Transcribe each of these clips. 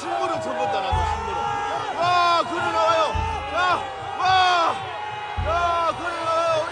신문을 접었다 나도 신문을 와 그래 나와요 야와야 나와요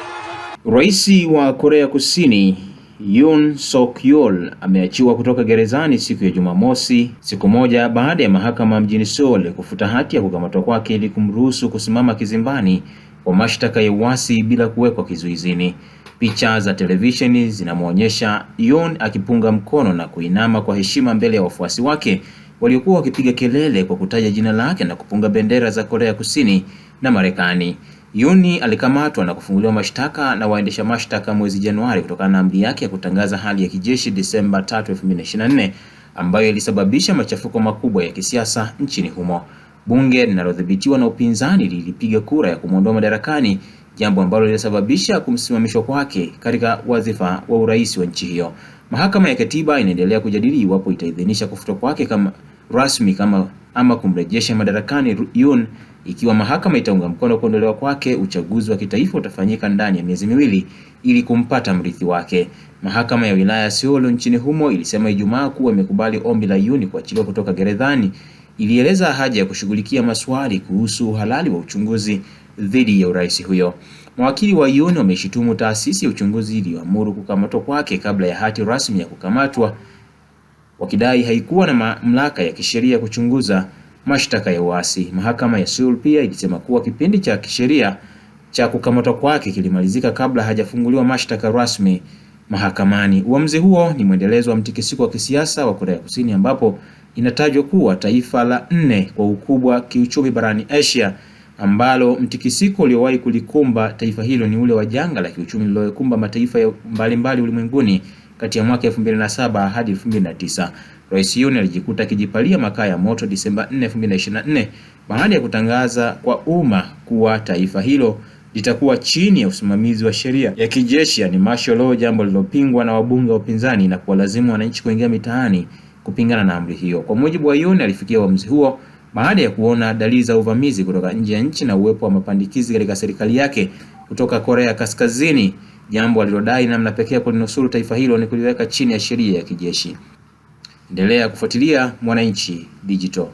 rais wa Korea Kusini Yoon Suk Yeol ameachiwa kutoka gerezani siku ya Jumamosi, siku moja baada ya mahakama mjini Seoul kufuta hati ya kukamatwa kwake ili kumruhusu kusimama kizimbani kwa mashtaka ya uasi bila kuwekwa kizuizini. Picha za televisheni zinamwonyesha Yoon akipunga mkono na kuinama kwa heshima mbele ya wafuasi wake waliokuwa wakipiga kelele kwa kutaja jina lake na kupunga bendera za Korea Kusini na Marekani. Yuni alikamatwa na kufunguliwa mashtaka na waendesha mashtaka mwezi Januari kutokana na amri yake ya kutangaza hali ya kijeshi Desemba 3, 2024 ambayo ilisababisha machafuko makubwa ya kisiasa nchini humo. Bunge linalodhibitiwa na upinzani lilipiga kura ya kumwondoa madarakani, jambo ambalo lilisababisha kumsimamishwa kwake katika wadhifa wa urais wa nchi hiyo. Mahakama ya Katiba inaendelea kujadili iwapo itaidhinisha kufutwa kwake kama rasmi kama ama kumrejesha madarakani Yoon. Ikiwa mahakama itaunga mkono kuondolewa kwake, uchaguzi wa kitaifa utafanyika ndani ya miezi miwili ili kumpata mrithi wake. Mahakama ya wilaya ya Seoul nchini humo ilisema Ijumaa kuwa imekubali ombi la Yoon kuachiliwa kutoka gerezani ilieleza haja ya kushughulikia maswali kuhusu uhalali wa uchunguzi dhidi ya urais huyo. Mawakili wa UN wameshitumu taasisi ya uchunguzi iliyoamuru kukamatwa kwake kabla ya hati rasmi ya kukamatwa, wakidai haikuwa na mamlaka ya kisheria kuchunguza mashtaka ya uasi. Mahakama ya Seoul pia ilisema kuwa kipindi cha kisheria cha kukamatwa kwake kilimalizika kabla hajafunguliwa mashtaka rasmi mahakamani. Uamuzi huo ni mwendelezo wa mtikisiko wa kisiasa wa Korea Kusini ambapo inatajwa kuwa taifa la nne kwa ukubwa kiuchumi barani Asia, ambalo mtikisiko uliowahi kulikumba taifa hilo ni ule wa janga la kiuchumi lililokumba mataifa mbalimbali ulimwenguni kati ya mwaka 2007 hadi 2009. Rais Yoon alijikuta akijipalia makaa ya moto Disemba 4, 2024 baada ya kutangaza kwa umma kuwa taifa hilo litakuwa chini ya usimamizi wa sheria ya kijeshi, yani martial law, jambo lililopingwa na wabunge wa upinzani na kuwalazimu wananchi kuingia mitaani kupingana na amri hiyo. Kwa mujibu wa yuni alifikia uamuzi huo baada ya kuona dalili za uvamizi kutoka nje ya nchi na uwepo wa mapandikizi katika serikali yake kutoka Korea Kaskazini, jambo alilodai namna pekee ya kulinusuru taifa hilo ni kuliweka chini ya sheria ya kijeshi. Endelea kufuatilia Mwananchi Digital.